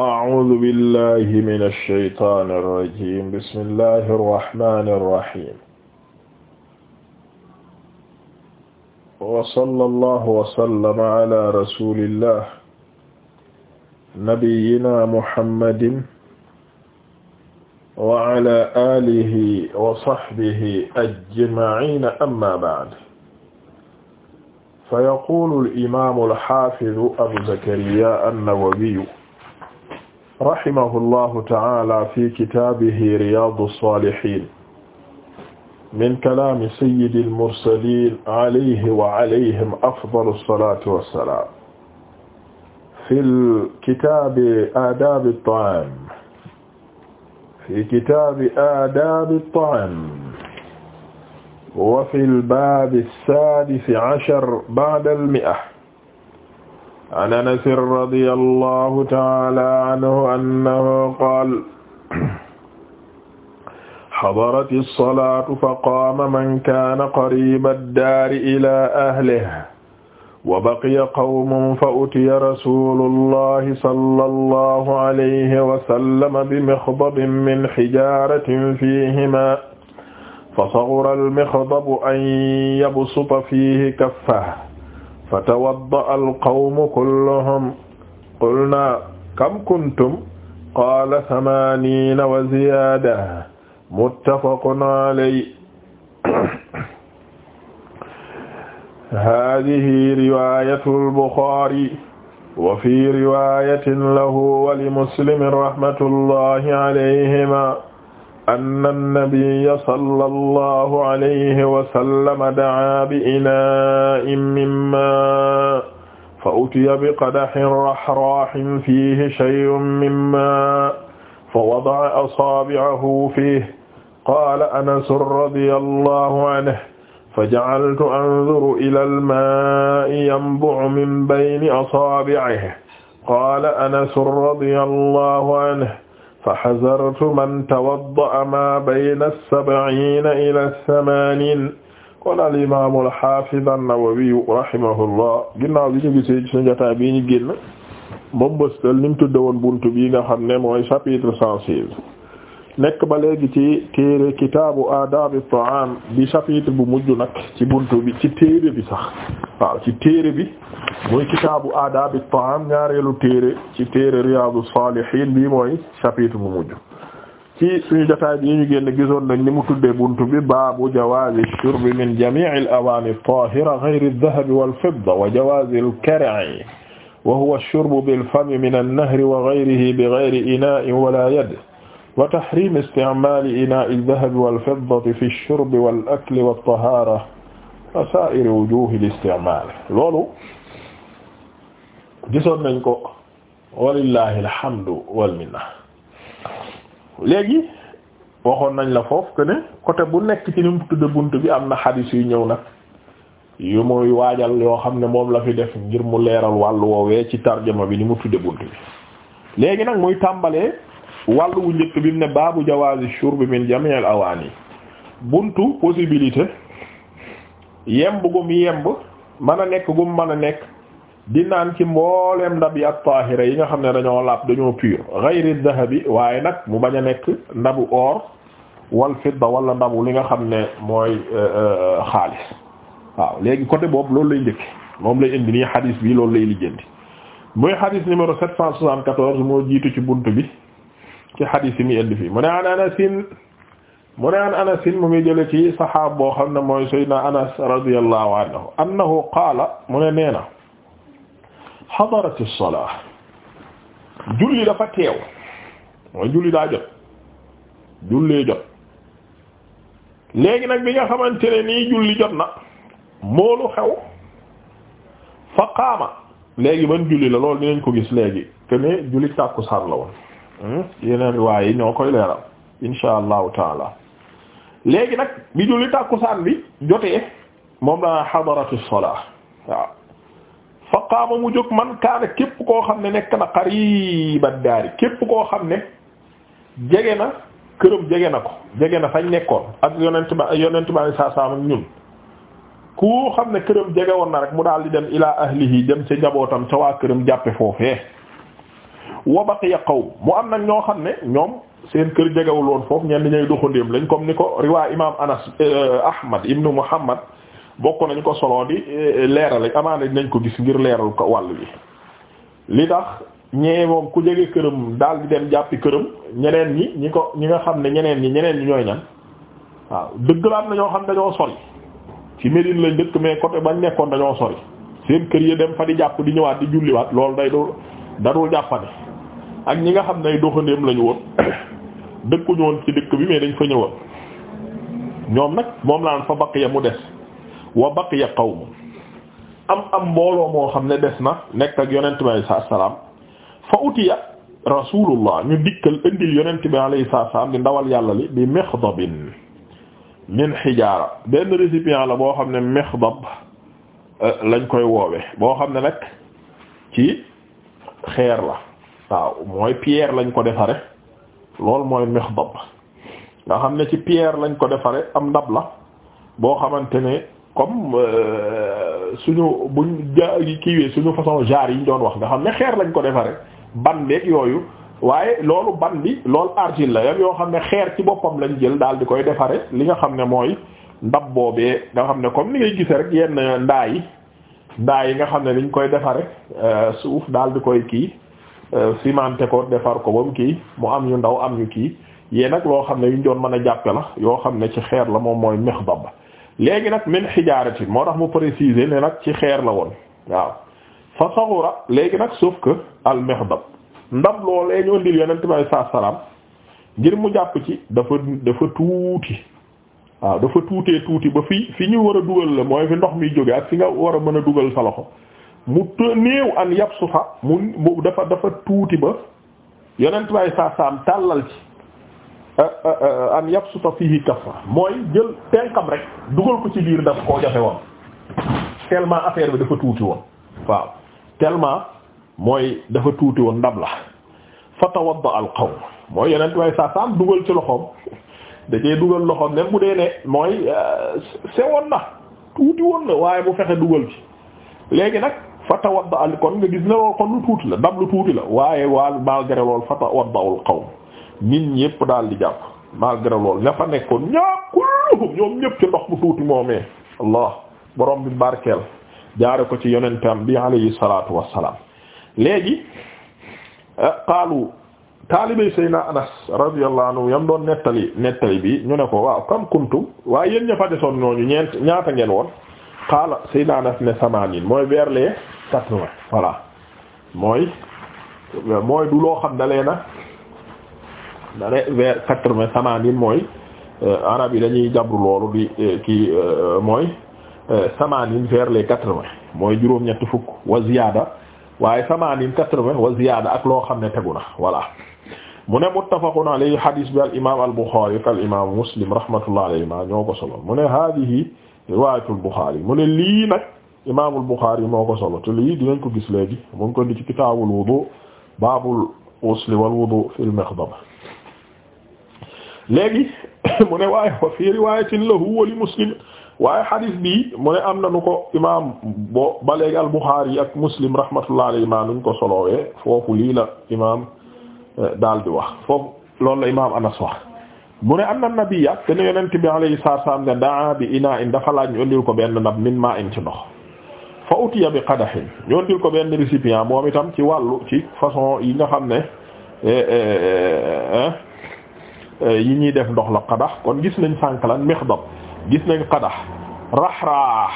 أعوذ بالله من الشيطان الرجيم بسم الله الرحمن الرحيم وصلى الله وسلم على رسول الله نبينا محمد وعلى آله وصحبه أجمعين أما بعد فيقول الإمام الحافظ أبو زكريا النووي rahimahullahu ta'ala fi kitaabihi riyaadu saalihiin min kalaami sayyidil mursaliin alayhi wa alayhim afdalu salaatu wa salaam fil kitaabi aadaabi ta'aam fi kitaabi aadaabi ta'aam wa fil baabi saadisi ashar ba'dal mi'a an Anas radiyallahu ta'ala anhu annahu qaala hadarati as-salaatu faqaama man kaana qariiba ad-daari ilaa ahlihi wa baqiya qawmun fa utiya rasuulullahi sallallahu alayhi wa sallam bi mikhdabin min hijaaratin fiihimaa fa saghura al-mikhdab an yabsuta fiihi kaffahu fatawadda'a al-qawmu kulluhum qulnaa kam kuntum qaala samaaniina wa ziyaada muttafaqun alayhi haadihi riwaayatul buxaari wa fii riwaayatin lahu wa li muslimin rahmatullahi alayhimaa anna nabiyya sallallahu alayhi wa sallam da'aa bi inaa'in min maa' fa utiya bi qadahin rahraahin fiihi shay'un min maa' fa wada'a asaabi'ahu fiihi qaala Anas radiyallahu anhu faja'altu anzuru ila al-maa'i yanbu'u min bayni asaabi'ihi qaala Anas radiyallahu anhu fa xazartu man tawadda'a maa bayna as-sab'iina ilaa as-samaaniin kon al imaam al-haafiz an-Nawawi rahimahullah ginnaaw bi ñu gisee ci sunu jotaay bii ñu génn moom bëstal ni mu tudde woon buntu bii nga xam ne mooy chapitre 116 nekk ba léegi ci téere kitaabu aadaabi ta'aam bi chapitre bu mujj nag ci buntu bi ci téere bi sax waaw ci téere bi mooy kitaabu aadaabi ta'aam ñaareelu téere ci téere riyaadu saalihiin bi mooy chapitre bu mujj ci suñu jotaay bi ñu génn gisoon nañ ni mu tuddee buntu bi baabu jawaazi shurbi min jamii'il awaani at-taahira ghayri adh-dhahabi wal-fidda wa jawaazi al-kar'i wa huwa ash-shurbu bil-fami min an-nahri wa ghayrihi bi ghayri inaa'in wa laa yad wa tahrim isticmali ina'i adh-dhahabi wal-fiddati fi ash-shurbi wal-akli wat-taharati wa sa'iri wujuhi al-isticmal loolu gisoon nañ ko walillahi alhamdu wal minna léegi waxoon nañ la foofu que ne côté bu nekk ci ni mu tudde bunt bi am na xadis yu ñëw nag yu muy waajal yoo xam ne moom la fi def ngir mu leeral wàllu woowee ci tarjama bi ni mu tudde bunt bi léegi nag muy tàmbalee wàllu wu njëkk bi ne baabu jawaazi shurb min jamii al awaani buntu possibilité yemb gum yemb man a nekk gum mën a nekk di naan ci mbooleem ndab yi ak taahira yi nga xam ne dañoo laab dañoo pur ghayri dhahabi waaye nag mu bañ a nekk ndabu or wal fidda wala ndabu li nga xam ne mooy euh, euh, xaalis waaw léegi côté boobu loolu lay njëkk moom la indi nii xadiis bi lool lay lijjanti muy xadiis numéro 774 moo jiitu ci bunt bi ci xadiis yi mi indi fii mu ne anasin mu ne an anasin mu ngi jële ci saxaab boo xam ne mooy sayyidina anas radiyallahu anhu annahu qaala mu ne nee na xadarati salaa julli dafa teew mooy julli daa jot juli jot léegi nag bi nga xamante ne nii julli jot na moolu xew fa qaama léegi ban julli la loolu dinañ ko gis léegi que ne julli tàkkusaan la Hmm? yeneen riwaay yi ñoo koy leeral insha allahu taala léegi nag bi julli tàkkusaan bi jotee moom la xadaratu salaa waaw fa qaama mu jóg man kaana képp koo xam ne nekk na qariba daari képp koo xam ne jege na këram jege na ko jege na fañ nekkoon ak yonent ba yonent ba saa ak ñun ku xam ne këram jege woon na rek mu daal di dem ilaa ahlihi dem ca njabootam ca waa këram jàppe foofee wa baqiya qawm mu am nag ñoo xam ne ñoom seen kër jegewul woon foofu ñenn ñooy doxandéem lañ comme ni ko riwaa imaam Anas eh, Ahmad ibnu Muhammad bokk nañ ko solo di eh, leerale amaana nañ ko gis ngir leeral ko wàll bi li tax ñee moom ku jege këram daal di dem jàppi këram ñeneen ñi ñi ko ñi nga xam ne ñeneen ñi ñeneen ñi ñooy ñan waaw dëgg la am na ñoo xam dañoo sori ci Médine lañ dëkk mais côté bañ nekkoon dañoo sori seen kër yi dem fa di jàpp di ñëwaat di julliwaat loolu day dul darul jàppane ak ñi nga xam ne ay doxandéem lañu woon dëkkuñu woon ci dëkk bi mais dañ fa ñëwoon ñoom nag moom laan fa baqiya mu des wa baqiya qawm am am mbooloo moo xam ne des na nekk ak yonent bi alayhi salaam fa utiya rasulullah ñu dikkal indil yonent bi sa salaam di ndawal yàlla li bi mexdabin min xijaara benn récipient la boo xam ne mexdab euh, lañ koy woowe boo xam ne nag ci xeer la waaw mooy pierre lañ ko defare loolu mooy meex mixdab nga xam ne ci pierre lañ ko defare am ndab la boo xamante ne comme euh, suñu buñ ja kiiwee suñu façon jaar yi ñu doon wax nga xam ne xeer lañ ko defare ban beeg yooyu waaye loolu ban bi loolu argile la yoo xam ne xeer ci boppam lañ jël daal di koy defare li nga xam ne mooy ndab boobee nga xam ne comme li ngay gisee rek yenn ndaa yi ndaa yi nga xam ne liñ koy defare euh, suuf daal di koy kii simante euh, ko defar ko ba mu kii mu am yu ndaw am yu kii yee nag loo xam ne yuñ doon mën a jàppe la yoo xam ne ci xeer la moom mooy mixdab léegi nag min xijaaratin moo tax mu préciser ne nag ci xeer la woon waaw fa saxura léegi nag sauf que al mixdab ndab loolee ñu indil yonent bi alayhi salaatu salaam ngir mu jàpp ci dafa dafa tuuti waaw dafa tuutee tuuti ba fii fi ñu war a dugal la mooy fi ndox mi jóge ak fi nga war a mën a dugal sa loxo mu néew an yab sufa mu dafa dafa tuuti ba yonent bay saa tàllal ci an yab sufa fii kafa mooy jël tenkam rek dugal ko ci biir daf koo jafe woon tellement affaire bi dafa tuuti woon waaw tellement mooy dafa tuuti woon ndab la fa tawadda al qawm mooy yonent bay saa saam dugal ci loxoom da dugal loxoom même bu dee ne mooy euh, sewoon na tuuti woon na waaye mu fexe dugal ci léegi nag fa tawadda kon nga gis ne loolu kon lu tuuti la ndab lu tuuti la waaye waaye malgré loolu fa tawadda'ul qawm nit ñépp daal di jàpp malgré loolu nga fa nekkoon ñaa kulluhum ñoom ñépp ci ndox mu tuuti moomee allah borom bi barkeel jaare ko ci yonentam bi alayhi salaatu wassalaam léegi eh, qaalu taalibey sayna anas radiyallahu anhu yam doon nettali nettali bi ñu ne ko waaw kam kuntum waaye yéen ña fa desoon ñooñu ñeent ñaata ngeen woon qaala Seydina Anas ne samaaniin mooy vers les quatre-vingts voilà mooy mooy du loo xam dalee na dalee vers quatre-vingts samaaniin mooy euh, arab yi dañuy jabru loolu di euh, kii euh, mooy samaaniin vers les quatre-vingts mooy juróom-ñetti fukk wa ziyaada waaye samaaniin quatre-vingts wa ziyaada ak loo xam ne tegu na voilà mu ne muttafaqun alayhi hadis bi al imaam al Buxaari ak al imaam Muslim rahmatullahi alayhimaa ñoo ko solo mu ne haadihi riwaayatul Buxaari mu ne lii nag imaamul Buxaari moo ko solo te lii dinañ ko gis léegi mu ngi ko di ci kitaabul wudu baabul usli wal wudu fil mixdama léegi mu ne waaye wa fii riwaayatin lahu wa Muslim waaye xadis bi mu am na nu ko imaam bo ba al Buxaari ak Muslim rahmatullahi alayhi ma nuñ ko solowee foofu lii la imaam eh, daal di wax foofu loolu la imaam Anas wax mu ne anna nabiyya te ne yonent bi alayhi salaam ne daa bi inaa in dafa laaj ñu indil ko benn nab min maa in ci ndox fa utiya bi qadahin ñu ko benn récipient moom itam ci wàllu ci façon yi nga xam ne eh, eh, eh, yi ñuy def ndox la qadax kon gis nañ sànk lan mixdab gis nañ qadax raxraax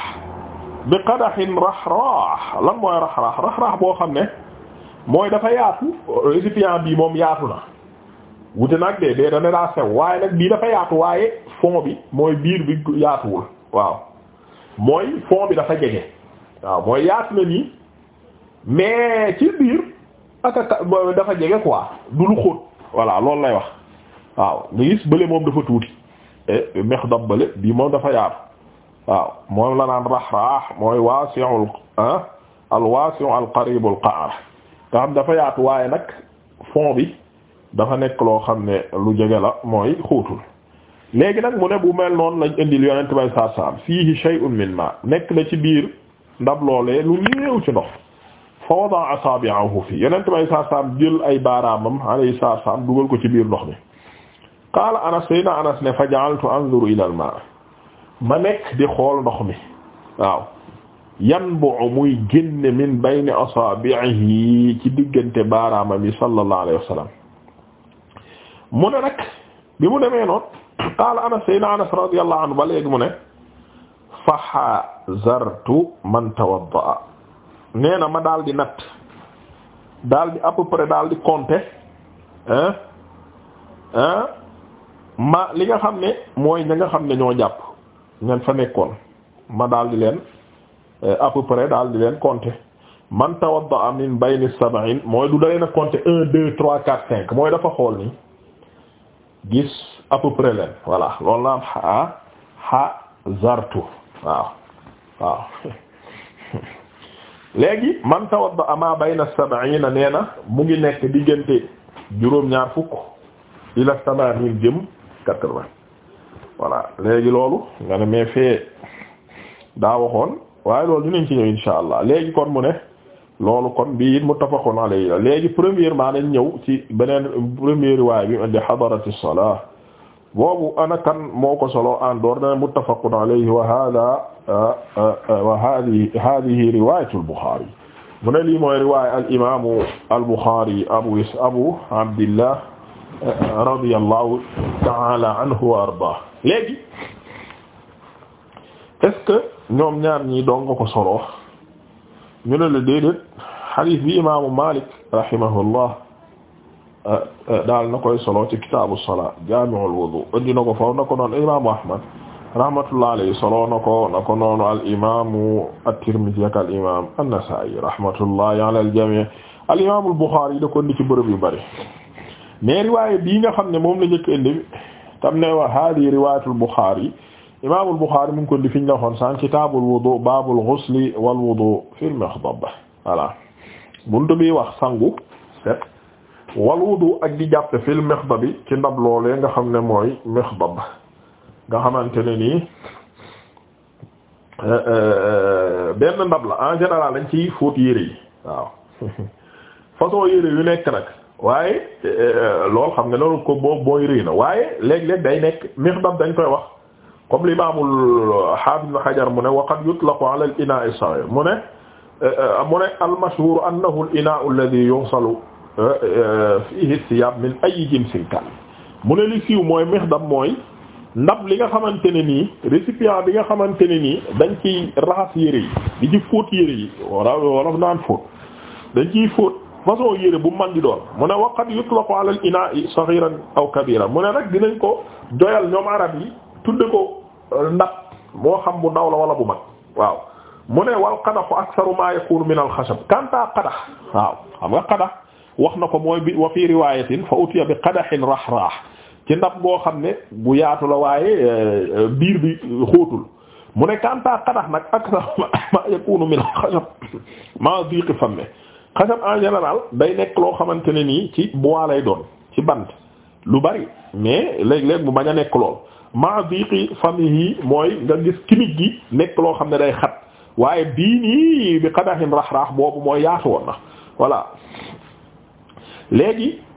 bi qadahin raxraax lan mooy raxraax raxraax boo xam ne mooy dafa yaatu récipient bi moom yaatu na wute nag dee dee dane daa sew waaye nag bii dafa yaatu waaye fond bi mooy biir bi yaatuwul waaw mooy fond bi dafa jege waaw mooy yaatu na nii mais ci biir dafa jege quoi du lu xóot voilà loolu lay wax waaw nga gis bële moom dafa tuuti e mex dab bële bii moom dafa yaatu waaw moom la naan rax-raax mooy waasi'ul al waasi'u al qaribu al qa'r nga xam dafa yaatu waaye nag fond bi dafa nekk loo xam ne lu jege la mooy xóotul léegi nag mu ne bu mel noon lañ indil yonent bay saab saab fiihi shay'un min ma nekk na ci biir ndab loolee lu néew ci ndox fa wada asabi'ahu fi yonent bay saab saab jël ay baaraamam alayhi saab saab dugal ko ci biir ndox mi qaala anas sayna anas ne fa ja'altu anzuru ila ma ma nekk di xool ndox mi waaw yanbu'u muy génne min bayni asabi'ihi ci diggante baaraamam yi sallallahu alayhi wasallam mu ne nag bi mu demee noonu qaala anas sayna anas radiyallahu anhu ba léegi mu ne fa hazartu man tawaddaa nee na ma daal di natt daal di à peu près daal di compter hein ma li nga xam ne mooy ña nga xam ne ñoo jàpp ñan fa nekkoon ma daal di leen euh, à peu près daal di leen compter man tawaddaa min bayni sab'in mooy du dalee na compter un deux trois quatre cinq mooy dafa xool nii gis à peu près leen voilà loolu la am xa xa zartu waaw waaw léegi man tawadda ama bayna sab'ina nee na mu ngi nekk diggante juróom-ñaar fukk ila samanin jëm quatre-vingt voilà léegi loolu nga ne mais fee daa waxoon waaye loolu dinañ ci ñëw insha allah léegi kon mu ne loolu kon bii it muttafaqun alayhi la léegi premièrement dañ ñëw ci beneen première riwaaya bi indi hadarati salaa boobu ana kan moo ko solo en dehors dana muttafaqun alayhi wa hada wa hadihi hadihi riwayatu al-Bukhari mu ne lii mooy riwaaya al-imamu al-Bukhari abu is abu abdillah radiyallahu ta'ala anhu wa ardah léegi est-ce que ñoom ñaar ñi doon nga ko solo ñu ne la déedéet xadis bi imaamu Malik rahimahullah euh, euh, daal na koy solo ci kitaabu salaa jaami'ul indi na ko foofu na ko noonu imaamu Ahmad rahmatullah alayhi solo na ko na ko noonu al imaamu at-Tirmidhi ak al imaam an-Nasaa'i al-jamii' al imaamu al-Bukhari da ko yu bari mais riwaaya bii nga xam ne moom la njëkk indi tam ne wa imaamul Buxaari mu ko di fi ñu la waxoon sànq kitaabul wudu baabul ghusli wal wudu fil mixdab voilà buntu bi wax sangu set wal wudu ak di jàppe fil bi ci ndab loolee nga xam ne mooy mixdab nga xamante ne nii euh, euh, benn ndab la en général dañ ci fóot yére yi waaw façon yére yu nekk nag waaye euh, lool xam nga loolu ko boo booy réy na waaye léeg-léeg day nekk mixdab dañ koy wax. comme l'imamul hafiz ibn Hajar mu ne wa qad yutlaqu ala al-inaa' as-saghir mu ne eh, eh, mu ne al-mashhur annahu al-inaa'u alladhi yughsalu eh, fihi ath-thiyaab min ayyi jinsin kaan mu ne li siiw mooy mixdam mooy ndab li nga xamante ne nii récipient bi nga xamante ne nii dañ ciy raxas yére yi di ci fóot yére yi wala wala naan fóot dañ ciy fóot façon yére bu man di doon mu ne wa qad yutlaqu ala al-inaa'i saghiran aw kabiran mu ne rek dinañ ko doyal ñoom arab yi tudde ko euh, ndab moo xam bu ndaw la wala bu mag waaw mu ne wal qadaxu aksaru ma min al xashab kanta qadax waaw xam nga qadax wax na ko mooy bi wa fi riwayatin fa utiya bi qadaxin rax-raax ci ndab boo xam ne bu yaatu la waaye euh, biir bi xóotul mu ne kanta qadax nag aksaru ma yakunu min al xashab ma diqi famme xasab en général day nekk loo xamante ne nii ci bois lay doon ci bant lu bari mais léeg-léeg mu bañ a nekk lool ma diqi famihi mooy nga gis kimik gi nekk loo xam ne day xat waaye bii bi qadahin rax-raax boobu mooy yaatu woon na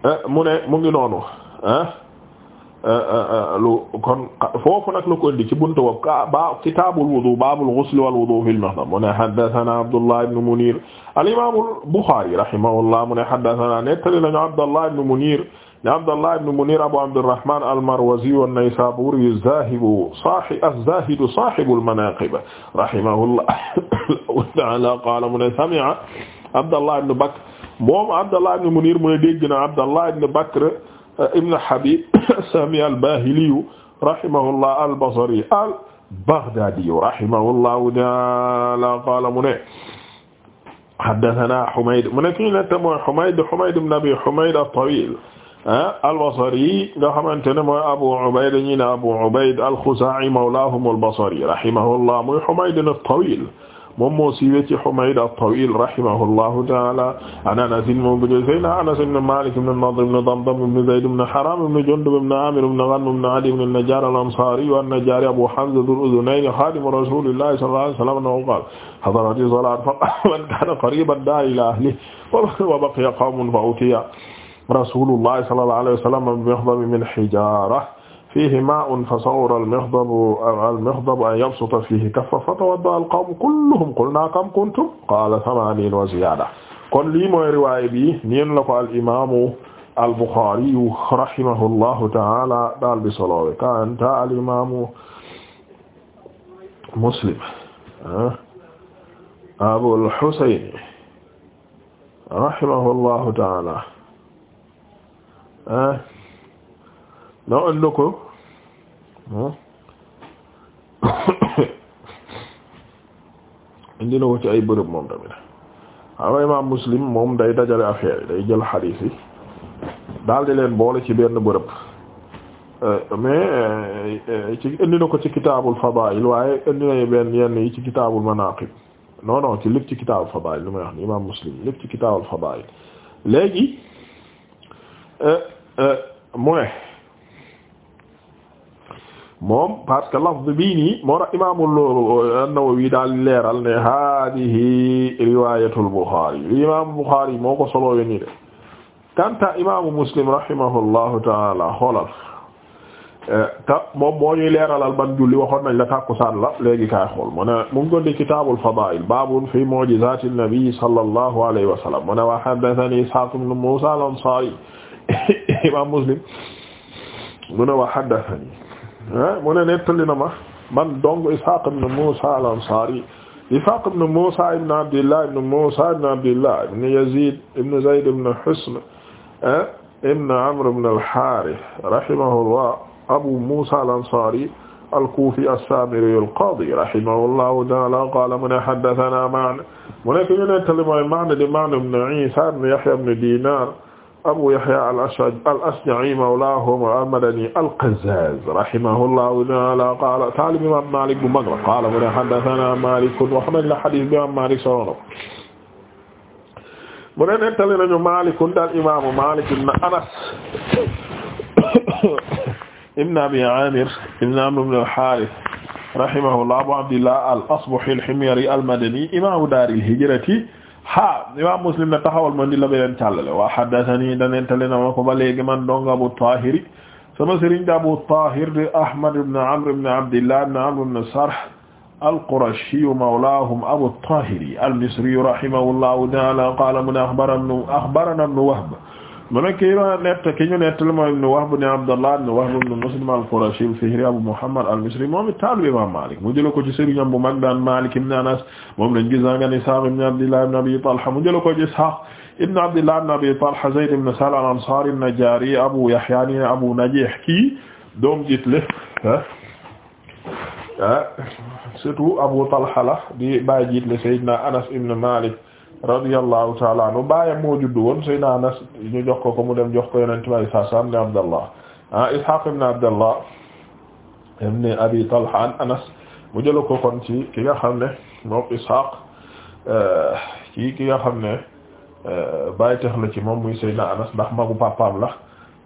euh, mu ne mu ngi noonu euh, euh, lu kon foofu nag la ko indi ci buntu boobu ba kitaabul wudu baabul ghusl wal wudu fil mihdam mu ne haddathana Abdullah ibn Munir al imaam al Bukhari rahimahullah mu ne haddathana nettali nañu Abdullah ibn Munir di Abdallah ibn Munir Abu Abdurrahman al-Marwazi an-Naysaburi az-Zahibu sahib az-Zahidu sahibu al-manaqib rahimahullah ta'ala qala mu ne sami'a Abdallah ibn Bakr moom Abdallah ibn Munir mu ne dégg na Abdallah ibn Bakr eh, ibn Habib sami'a al-Bahili rahimahullah al-Basri al-Baghdadi rahimahullahu ta'ala qala mu ne haddathana Humayd mu ne fi ñu ne mooy Humayd Humayd ibn Abi Humayd at-Tawil Ah, al-Basri nga xamante ne mooy Abu Ubayd ñi ne Abu Ubayd al-Khuzaa'i mawlaahum al-Basri rahimahullah muy Humayd at-Tawiil moom moo siiwee ci Humayd at-Tawiil rahimahullahu ta'aala an Anas moom bu jëlee sayyidinaa Anas ibn Maalik ibn Nadr ibn Damdam ibn Zayd ibn Haraam ibn Jundub ibn Aamir ibn Ghanm ibn Adiy ibn an-Najjaar al-Ansaari wan-Najjaari Abu Hamza dhul-udhunayn xaadimu rasuulillaahi sallallaahu alayhi wa sallam annahu qaala hadarati salaat fa man kaana qariiban daa ilaa ahlihi wa baqiya qawmun fa utiya rasulullah sallallahu alayhi wa sallam bimixdabi min hijara fiihi maa'un fa saghura al-mixdabu al-mixdabu an yabsuta fiihi kaffa fatawadda'a al-qawmu kulluhum qulnaa kam kuntum qaala samaaniin wa ziyaada kon lii mooy riwaay bi ñeen la ko al imaamu al Buxaari rahimahullahu ta'aala daal di solo kaanta al imaamu Muslim ah, Abul Husayn rahimahullahu ta'aala ah non ëllëg ko indi na ko ci ay bërëb moom tamit waaw imaam muslim moom day dajale affaire yi day jël xadiis yi daal di leen boole ci benn bërëb euh, mais euh, ci indi na ko ci kitaabul fadaa'il waaye indi na benn yenn yi ci kitaabul manaaqib non non ci lépp ci kitaabul fadaa'il lu may wax ni imaam muslim lépp ci kitaabul fadaa'il léegi. Euh, Euh, mu ne moom parce que lafz bi nii moo tax imaamul Nawawi daal leeral ne hadihi riwayatul Bukhari li imaam Bukhari moo ko solo ni de kanta imaamu Muslim rahimahullahu taala xoolal euh, ta moom moo ñuy leeralal ban julli waxoon nañ la tàkkusaan la léegi kaay xool mu ne mu ngi doon di kitaabul fadaa'il baabun fi mu'jizaatin nabiyyi sallallahu alayhi wa sallam mu ne wa haddathanii Ishaaq ibn Muusaa ansaari imaam Muslim mu ne wa haddathani ah, mu ne nettali na ma man dong Ishaq ibn Musa al-Ansari Ishaq ibn Musa ibn Abdillah ibn Musa ibn Abdillah ibn Yazid ibn Zayd ibn Husn ah, ibn Amr ibn al-Harith rahimahullah Abu Musa al-Ansari al-Kufi as-Samiri al-Qadi rahimahullahu ta'ala qala mu ne haddathana Ma'n mu ne fi ñu nettali mooy Ma'n di Ma'n ibn Isa ibn Yahya ibn Dinar Abu Yahya al-Ashja'i mawlaahum al-Madani al-Qazzaz rahimahullahu ta'ala qaala taalib imaam Maalik bu mag la qaala mu ne haddathanaa Maalik wax nañ la hadiis bi imaam Maalik solo mu ne nettali nañu Maalik daal imaamu Maalik ibn Anas ibn Abi Aamir ibn Amr ibn al-Haarith rahimahullah Abu Abdillah al-Asbahi al-Himyari al-Madani imaamu daaril hijrati ha imam Muslim ne taxawal ma di la beneen càllale wa haddathani danentale na ma ko ba léegi man dong Abu Tahir sama sëriñ da Abu Tahir de Ahmad ibn Amr ibn Abdillah ibn Amr ibn Sarh al-Qurashi mawlahum Abu Tahir al-Misri rahimahullahu ta'ala qala mun akhbarana ibn Wahb mu ne kii ma nett ki ñu nettali mooy ibn Wahb ibn Abdullah ibn Wahb ibn Muslim al-Qurashi al-Fihri Abu Muhammad al-Misri moom it taalibe Imam Malik mu jëla ko ci sëriñam bu mag daan Malik ibn Anas moom lañ gis nga ni Ishaq ibn Abdillah ibn Abi Talha mu jëla ko ci Ishaq ibn Abdillah ibn Abi Talha Zayd ibn Sahl al-Ansari an-Najjari Abu Yahya ni Abu Najih kii doom jiit le ah, ah surtout Abu Talha la di bàyyi jiit le Anas ibn Malik radiyallahu taala anhu baayam moo juddu woon Seydina Anas ñu jox ko ko mu dem jox ko yonent bi saa saam ne Abdallah ah Ishaq ibn Abdallah ibn Abi Talha an Anas mu jëla ko kon ci ki nga xam ne moom Ishaq eh, ci ki nga xam ne eh, bàyyi tax la ci moom muy Seydina Anas ndax magu papaam la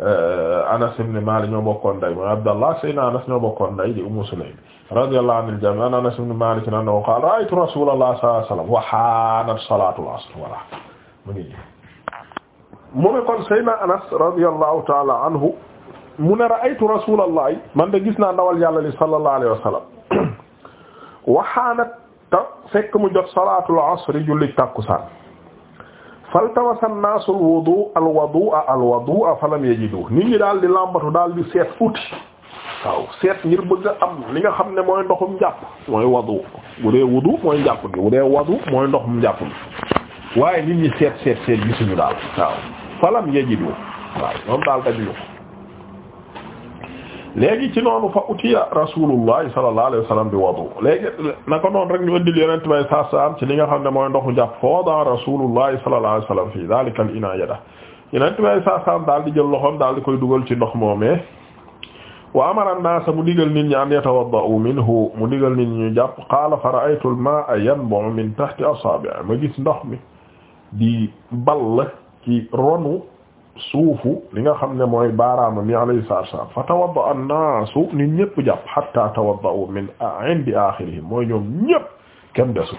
eh, Anas ibn Malik ñoo bokkoon ndey mooy Abdallah Seydina Anas ñoo bokkoon ndey di Ummu Sulaym radiyallahu anil jami' an Anas ibn Malik annahu qala ra'aytu rasulullah sallallahu alayhi wasallam wa hanat salatu al-asr voilà mu ngi mu ne kon Seydina Anas radiyallahu ta'ala anhu mu ne ra'aytu rasulullah man de gis naa ndawal yàlla li sallallahu alayhi wasallam wa hanat ta fekk mu jot salatu al-asr julli takkusaan faltamasa an-nasu al-wudu'a al-wudu'a al-wudu'a falam yajidu nit ñi daal di lambatu daal di seet uti waaw seet ngir bëgg am li nga xam ne mooy ndoxum njàpp mooy wadu bu dee wudu mooy njàpp gi bu dee wadu mooy ndoxum njàpp gi waaye nit ñi seet seet seet gisuñu daal waaw falam yajidu waaw ñoom daal dajuñu léegi ci noonu fa utiya rasulullahi sallallahu alayhi wasallam bi wadu léegi naka noonu rek ñu ëndil yonent bay saa ci li nga xam ne mooy ndoxu njàpp foo daa rasulullahi sallallahu alayhi wasallam fii daalika al inaa yada yonent daal di jël loxoom daal di koy dugal ci ndox moomee wa amara an-naasa mu digal nit ñi an yatawadda'u minhu mu digal nit ñi ñu jàpp qaala fa ra'aytu al-maa'a yanbu'u min tahti asaabi'i ma gis ndox mi di ball ci ronu suufu li nga xam ne mooy baaraama mi alayhi salaam fa tawadda'a an-naasu nit ñëpp jàpp hatta tawadda'u min 'indi aaxirihim mooy ñoom ñëpp kenn desul.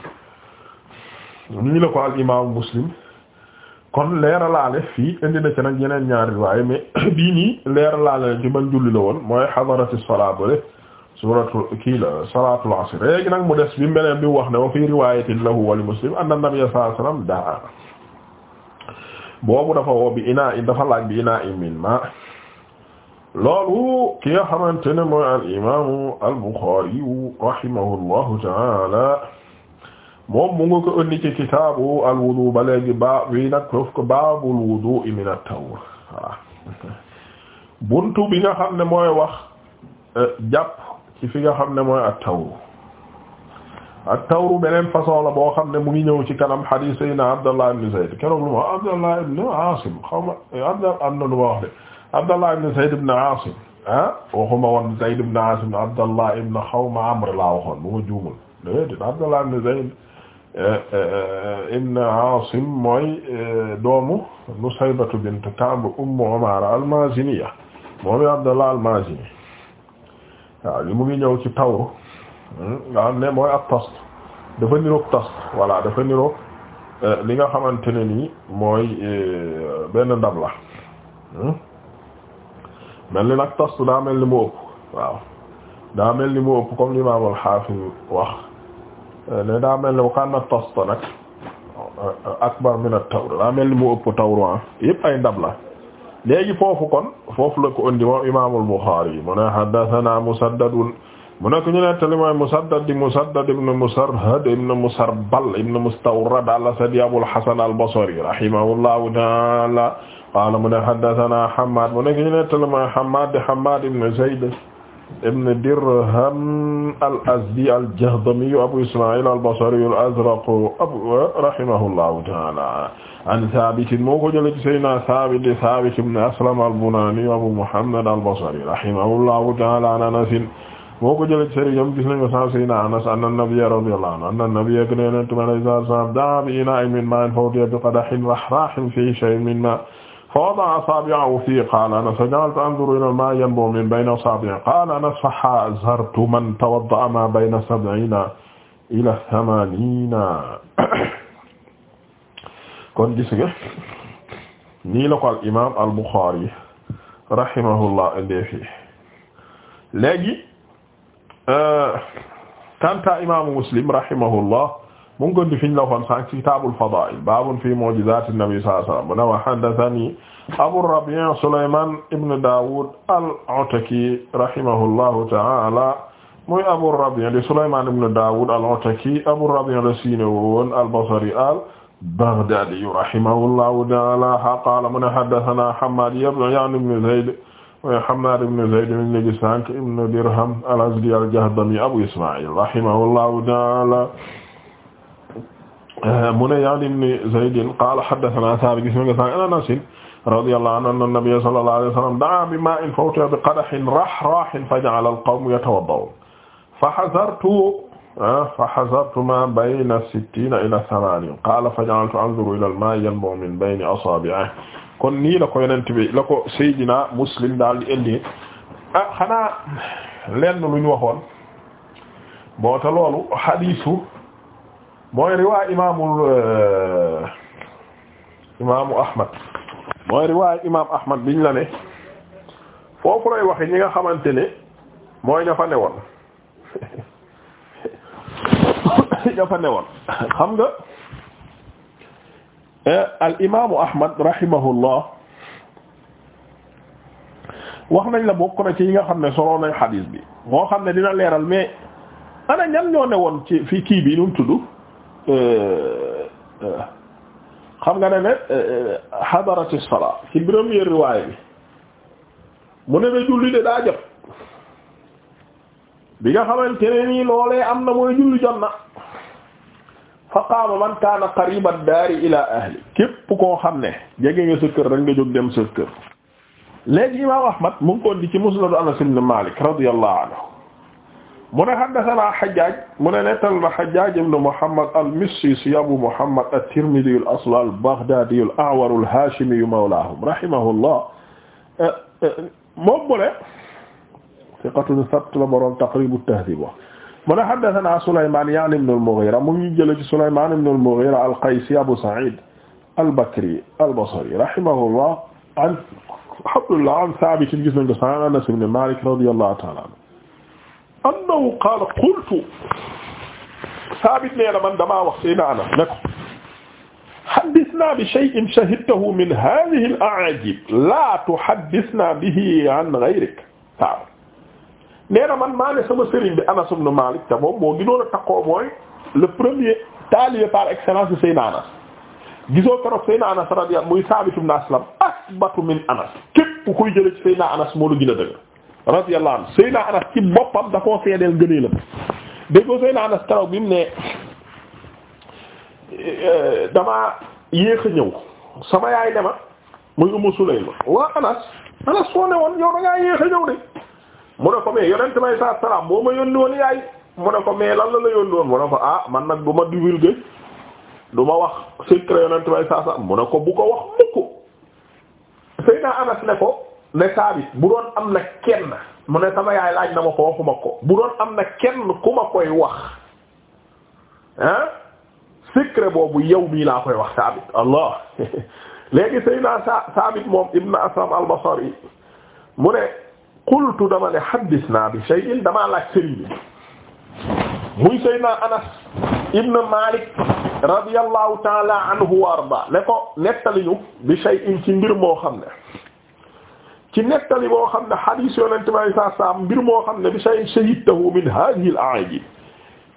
nii la ko al imaamu Muslim kon leeralaale fii indi na ci nag ñeneen ñaari waaye mais bii nii leeralaale ci ban julli la woon mooy hadarati salaa bale suratul kii la salatul a léegi nag mu des bi mbeneen bi wax ne wa fii riwayatin lahu wa li muslim anna nabiyya sallallahu alayhi wasallam daa boobu dafa woo bi inaa min ma loolu ki nga xamante ne mooy al imamu al Bukhari taala moom mu ngi ko indi ci kitaabu al wudu ba léegi ba wi nag foofu ko baabul wudu min at buntu bi nga xam ne mooy wax euh, jàpp ci fi nga xam ne mooy at-tawr beneen façon la boo xam ne mu ngi ñëw ci kanam hadith sayna Abdallah ibn Zayd keroog lu ma ah, ma eh, na lu ma wax de Abdallah ibn Zayd ibn Asim ah waxuma woon Zayd ibn Asim Abdallah ibn xaw ma Amr laa Eh, eh, ibn Asim mooy eh, doomu Nusaybatu bint Ka'b Ummu Umaara al-Maaziniya moom Abdallah al-Maazini waaw li mu ngi ñëw ci Tawr hmm, nga xam ne mooy ab tast dafa niroog tast voilà dafa niroog li nga xamante ne nii mooy benn ndab la hmm. mel ni nag tast daa mel ni mu ëpp waaw daa mel ni mu ëpp comme l'imam al-Hafiz wax Euh, ne daa mel ni bu xanaa tosta nag akbar min at-tawr daa mel ni mu ëpp tawru ah yëpp ay ndab la léegi foofu kon foofu la ko indi moom imaamul Buxaari mu ne haddasanaa Musaddadun mu nekk ñu nettali mooy Musaddad di Musaddad ibn Musarhad ibn Musarbal ibn Mustawrad al-Asadi Abul Hasan al-Basri rahimahullahu ta'ala qaala mu ne haddasanaa Hammaad mu nekk ñu nettali mooy Hammaad di Hammaad ibn Zayd ibn Dirham al-Azdi al-Jahdami Abu Isma'il al-Basri al-Azraq rahimahullahu ta'ala an Thabit moo ko jëlee ci Seydina Thabit di Thabit ibn Aslam al-Bunani Abu Muhammad al-Basri rahimahullahu ta'ala an Anas moo ko jëlee ci Serigne gis nañu ko Seydina Anas anna an-nabiyya radiyallahu anhu anna an-nabiyya sallallahu alayhi wa sallam da'a bi inaa'in min maa'in fawtiya bi qadahin rahraahin fiihi shay'un min maa' فوضع أصابعه فيه قال أنس فجعلت أنظر إلى الماء ينبع من بين أصابعه قال أنس فحازرت من توضأ ما بين سبعين إلى ثمانين kon gis nga nii la ko al imaam al Buxaari rahimahullah indee fii léegi kanta imaamu Muslim rahimahullah mu ngi kon di fiñ la waxoon sànq ci kitaabul fadaa'il baabun fii mu'jizaati nabi sallallahu alayhi wa sallam mu ne wa haddathanii Abu Rabi' Sulaymaan ibn Daawud al-Ataki rahimahullahu ta'ala muy Abu Rabi' di Sulaymaan ibn Daawud al-Ataki Abu Rabi' la siine woon al-Basri al-Baghdaadi rahimahullahu ta'ala qaala mu ne haddathanaa Hammaad ya'ni ibn Zayd Hammaad ibn Zayd ibn Sànq ibn Dirham al-Azdi al-Jahdami Abu Isma'il rahimahullahu ta'ala Eh, mu ne yaani ibni Zaydin qaala haddasanaa Saabit gis nga sànq Anas radiyallahu anhu anna nabiyya sallallahu alayhi wa sallam da'a bi maa'in fa utiya bi qadahin rahrahin fa ja'ala al-qawmu yatawadda'uun fa hazartu eh, fa hazartu maa bayna sittiina ilaa samaaniin qaala fa ja'altu anzuru ilaa al-maa'i yanbu'u min bayni asaabi'ihi kon nii la ko yonent bi la ko Seydina Muslim daal di indi ah xanaa lenn lu ñu waxoon boo ta loolu hadiisu mooy riwaay imaamul euh, imaamu Ahmad mooy riwaay imaam Ahmad biñ la ne foofu lay waxe ñi nga xamante ne mooy ña fa newoon ña fa newoon xam nga eh, al imaamu Ahmad rahimahullah wax nañ la bokk na ci yi nga xam ne solo nañ xadiis bi moo xam ne dina leeral mais ana ñan ñoo newoon ci fii kii bi nu tudd. Euh, euh, xam nga ne ne euh, hadarati salaa ci première riwaaya bi mu ne ne julli de daa jot bi nga xamante ne nii loolee am na mooy julli jot na fa qaama man kaana qariba daari ila ahli képp koo xam ne jege nga sa kër rek nga jóg dem sa kër léegi imaam Ahmad mu ngi koon di ci musnad Anas ibn Malik radiyallahu anhu mu ne haddathana Hajjaj mu ne nettal na Hajjaj ibn Muhammad al-Missisi Abu Muhammad at-Tirmidhi al-asl al-Baghdadi al-A'war al-Hashimi mawlahum rahimahullah eh, eh, moom mu ne thiqatun thabt la borom Taqrib at-Tahdhib wax mu ne haddathana Sulayman ya'ni ibn al-Mughira mu ngi jële ci Sulayman ibn al-Mughira al-Qaysi Abu Sa'id al-Bakri al-Basri rahimahullah an Abdullah an Thabit gis nañ ko Anas ibn Malik radiyallahu ta'ala anhu annahu qaala qultu Saabit nee na man damaa wax Seydina Anas ne ko haddisnaa bi shay'in shahidtahu min haadhihi al-a'aajib laa tuhaddisnaa bihi an ghayrik waaw nee na man maa ne sama sëriñ bi Anas ibn Maalik te moom moo gënoon a takkoo mooy le premier taalibe par excellence de Seydina Anas gisoo keroog Seydina Anas radiyallahu muy Saabit ibn Aslam asbatu min Anas képp kuy jëlee ci Seydina Anas moo la gën a dëgg radiyallahu anhu Seydina Anas ci boppam da koo seedeel gëneelam dégg nga Seydina Anas karaw bi mu ne euh, damaa yéex a ñëw sama yaay dema muy Ummu Sulaym waa Anas Anas soo ne woon yow da yéex a ñëw de mu ne ko mais yonent may saa salaam boo ma yónni woon yaay mu ne ko mais lan la la yónni woon mu ne ko ah man nag du ma divulguer du ma wax secret yonent may saa salaam mu ne ko bu ko wax mukk Seydina Anas ne ko. ne saabit bu doon am na kenn mu ne sama na ma ko waxuma am na kenn ku ma koy wax ah secret yow mii laa koy wax saabit allah léegi Seydina sa saabit moom Ibn Aslam al-Basri mu ne dama ne haddisnaa bi shay'in damaa laaj sëriñ bi muy Anas ibn Malik radiyallahu taala anhu wa arda ne ko nettaliñu bi shay'in ci moo xam ne ci nettali boo xam ne hadis yonent bi saa saa mbir moo xam ne bi say shahidtahu min hadhihi al-a'ajib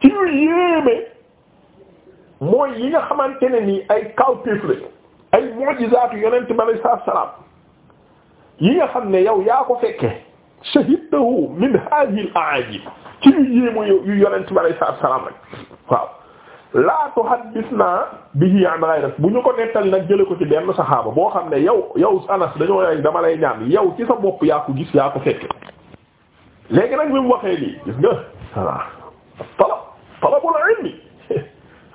ci ñu yéeme mooy yi nga xamante ne nii ay kawtéef la ay mu'jizaatu yonent bi saa salaam yi nga xam ne yow yaa ko fekke shahidtahu min hadhihi al-a'ajib ci ñu yéemu yu yonent bi saa salaam rek waaw. laa tuhaddisna bihi an ghayr bu ñu ko nettali nag jële ko ci benn saxaaba boo xam ne yow yow Anas dañoo lay dama lay ñaan yow ci sa bopp yaa ko gis yaa ko fekke léegi nag bi mu waxee lii gis nga talab talabul ilmi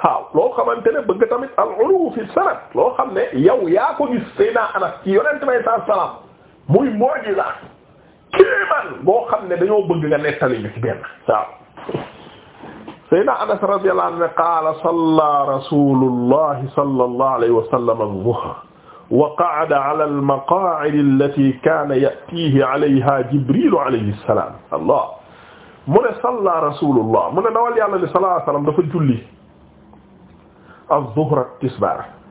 waaw loo xamante ne bëgg tamit al ulu fi sanad loo xam ne yow yaa ko gis Seydina Anas ci yonent bay sa salaam muy mu'jiza kéemaan boo xam ne dañoo bëgg nga nettali ñu ci benn waaw Seydina Anas radiyallahu anhu qaala salla rasuulullahi sallallahu alayhi wa sallam az-zuhra wa qa'ada ala al-maqaa'idi allatii kaana ya'tiihi alayhaa Jibriilu alayhi salaam Allah mu ne salla rasuulullah mu ne dawal yàlla li sallallahu alayhi wa sallam dafa julli az-zuhra tisbaar